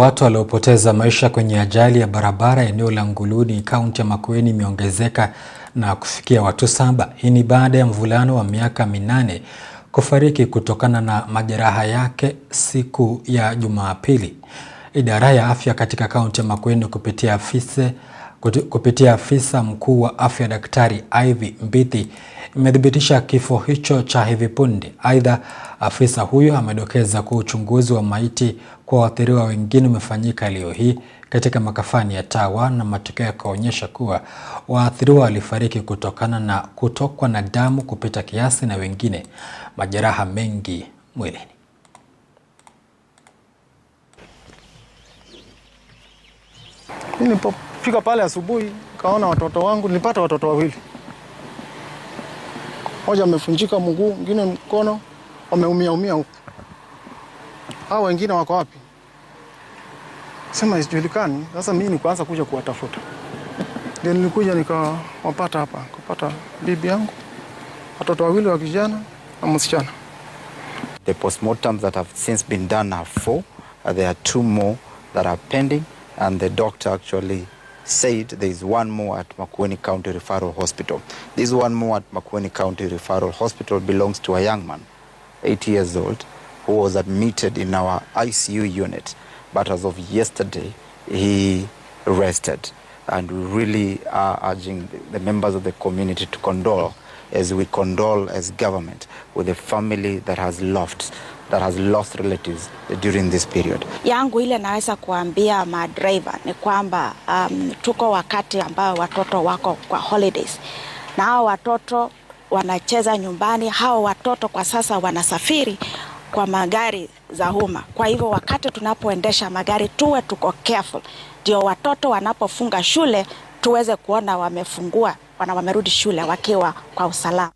Watu waliopoteza maisha kwenye ajali ya barabara eneo la Nguluni kaunti ya Makueni imeongezeka na kufikia watu saba. Hii ni baada ya mvulano wa miaka minane kufariki kutokana na majeraha yake siku ya Jumapili. Idara ya afya katika kaunti ya Makueni kupitia afisa kupitia afisa mkuu wa afya Daktari Ivy Mbithi imethibitisha kifo hicho cha hivi punde. Aidha, afisa huyo amedokeza kuwa uchunguzi wa maiti kwa waathiriwa wengine umefanyika leo hii katika makafani ya Tawa na matokeo yakaonyesha kuwa waathiriwa walifariki kutokana na kutokwa na damu kupita kiasi na wengine majeraha mengi mwilini. pop. Fika pale asubuhi, kaona watoto wangu, nilipata watoto wawili, moja amefunjika mguu, mwingine mkono, wameumia umia huko. Hao wengine wako wapi? Sema isijulikani. Sasa mimi nikaanza kuja kuwatafuta, ndio nilikuja nikawapata hapa, kupata bibi yangu, watoto wawili wa kijana na msichana. The postmortems that have since been done are four. There are two more that are pending and the doctor actually said there is one more at Makueni County Referral Hospital. This one more at Makueni County Referral Hospital belongs to a young man, eight years old, who was admitted in our ICU unit. But as of yesterday, he rested. And we really are urging the members of the community to condole as we condole as government with a family that has lost that has lost relatives during this period. Yangu ile naweza kuambia madriver ni kwamba um, tuko wakati ambao watoto wako kwa holidays na hao watoto wanacheza nyumbani. Hao watoto kwa sasa wanasafiri kwa magari za umma. Kwa hivyo wakati tunapoendesha magari tuwe tuko careful, ndio watoto wanapofunga shule tuweze kuona wamefungua wana wamerudi shule wakiwa kwa usalama.